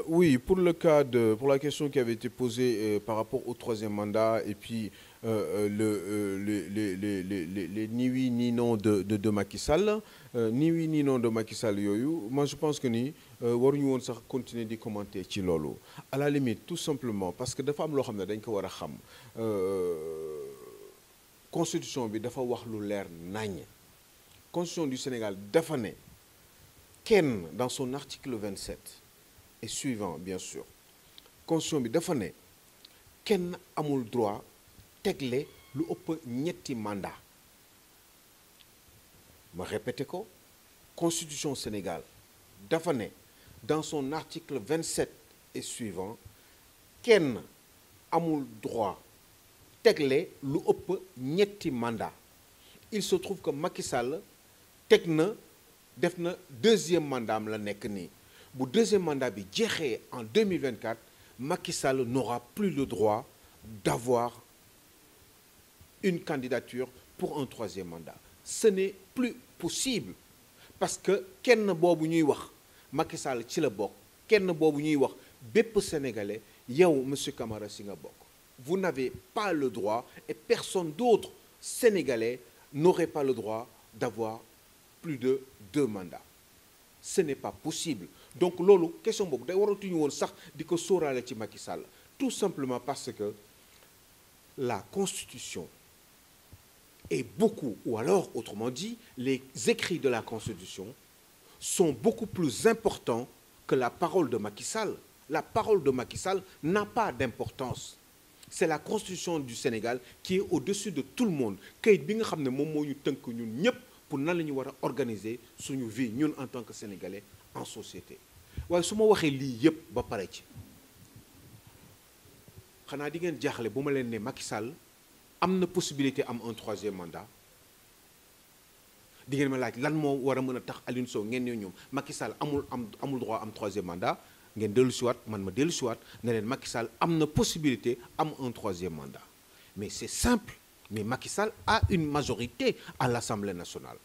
Euh, oui, pour le cas de, pour la question qui avait été posée euh, par rapport au troisième mandat et puis euh, le, les, ni oui ni non de, de, Macky Sall, ni oui ni non de Macky Sall moi je pense que ni on continuer de commenter ci à la limite tout simplement parce que dafa am loo xam la constitution bi dafa wax lu constitution du Sénégal dafa né dans son article 27 et suivant bien sûr constitution bi dafa ne amul droit tegle lu ëpp ñetti mandat ma répéter ko constitution Sénégal dafa né dans son article 27 et suivant ken amul droit tegle lu ëpp ñetti mandat il se trouve que Macky Sall tekna un deuxième mandat am la nek ni le deuxième mandat est en 2024 Macky Sall n'aura plus le droit d'avoir une candidature pour un troisième mandat ce n'est plus possible parce que Ken ñuy Macky Sall ci la sénégalais vous n'avez pas le droit et personne d'autre sénégalais n'aurait pas le droit d'avoir plus de deux mandats ce n'est pas possible donc loolu question boobu de waratuñu woon sax di ko sóoraale ci Macky Sall tout simplement parce que la constitution et beaucoup ou alors autrement dit les écrits de la constitution sont beaucoup plus importants que la parole de Macky Sall la parole de Macky Sall n'a pas d'importance c'est la constitution du Sénégal qui est au-dessus de tout le monde kayit bi nga xamné mom moom teunk ñun ñep pour nan lañu wara organiser suñu vie ñun en tant que sénégalais en société waaye su je waxee lii yépp ba pare ci xanaa di ngeen jaaxle bu ma leen ne Macky Sall possibilité am un troisième mandat di ngeen ma laaj lan moo war a mën a tax Alioune Sow ngeen ne Macky Sall amul amul droit am troisième mandat ngeen dellu le man ma dellu siwaat ne leen Macky Sall am possibilité am un troisième mandat mais c'est simple mais Macky Sall a une majorité à l'Assemblée nationale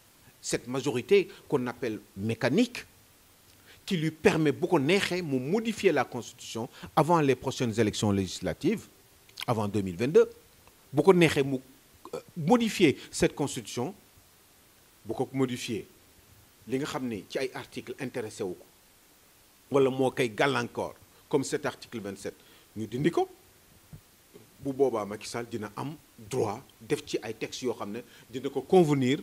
cette majorité qu'on appelle mécanique qui lui permet beaucoup de modifier la constitution avant les prochaines élections législatives, avant 2022. Beaucoup de euh, modifier cette constitution, beaucoup modifier les articles intéressés ou wala qui gal encore comme cet article 27 Nous disons, que bu Makissal Macky Sall droit de ci ay textes convenir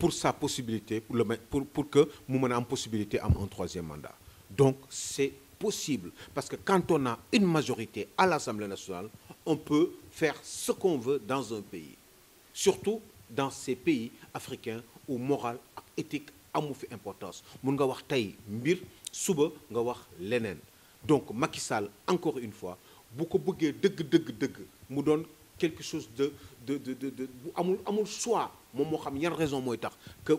pour sa possibilité, pour, le, pour que Moumana ait une possibilité à un troisième mandat. Donc c'est possible, parce que quand on a une majorité à l'Assemblée nationale, on peut faire ce qu'on veut dans un pays. Surtout dans ces pays africains où morale et éthique ont fait importance mun nga suba donc Macky Sall encore une fois beaucoup de gens dëgg dëgg quelque chose de de de de amul amul choix moom moo xam yan raison mooy tax que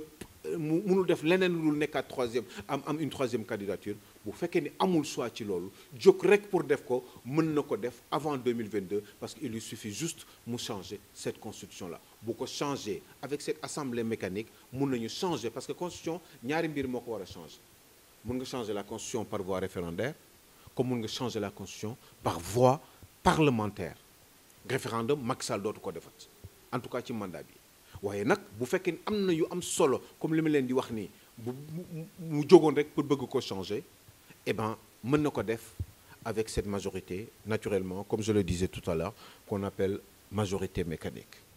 nous euh, munul def leneen lu nekkaat troisième am am une troisième candidature Vous faites ni amul choix ci je jóg rek pour def ko mën na def avant 2022 parce qu'il lui suffit juste de changer cette constitution là bu ko changer avec cette assemblée mécanique nous nañu changer parce que constitution n'y mbir rien de a changer mun nga changer la constitution par voie référendaire comme mun nga changer la constitution par voie parlementaire référendum maxal doit être ko en tout cas ci mandat bi waaye Si bu fekkee am comme le Mélène changer eh ben avec cette majorité naturellement comme je le disais tout à l'heure qu'on appelle majorité mécanique